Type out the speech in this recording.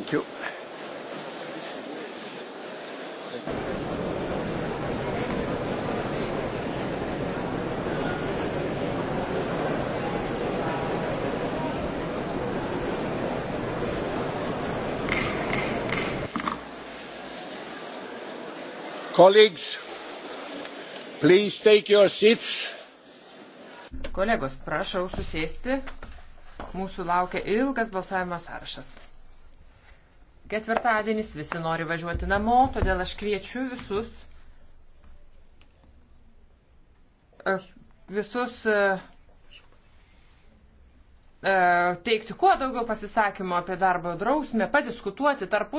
Thank you. Thank you. colleagues please take your seats kolegos prašau susėsti mūsų laukia ilgas balsavimo sąrašas Ketvirtadienis visi nori važiuoti namo, todėl aš kviečiu visus, e, visus e, e, teikti kuo daugiau pasisakymų apie darbo drausmę, padiskutuoti tarpus.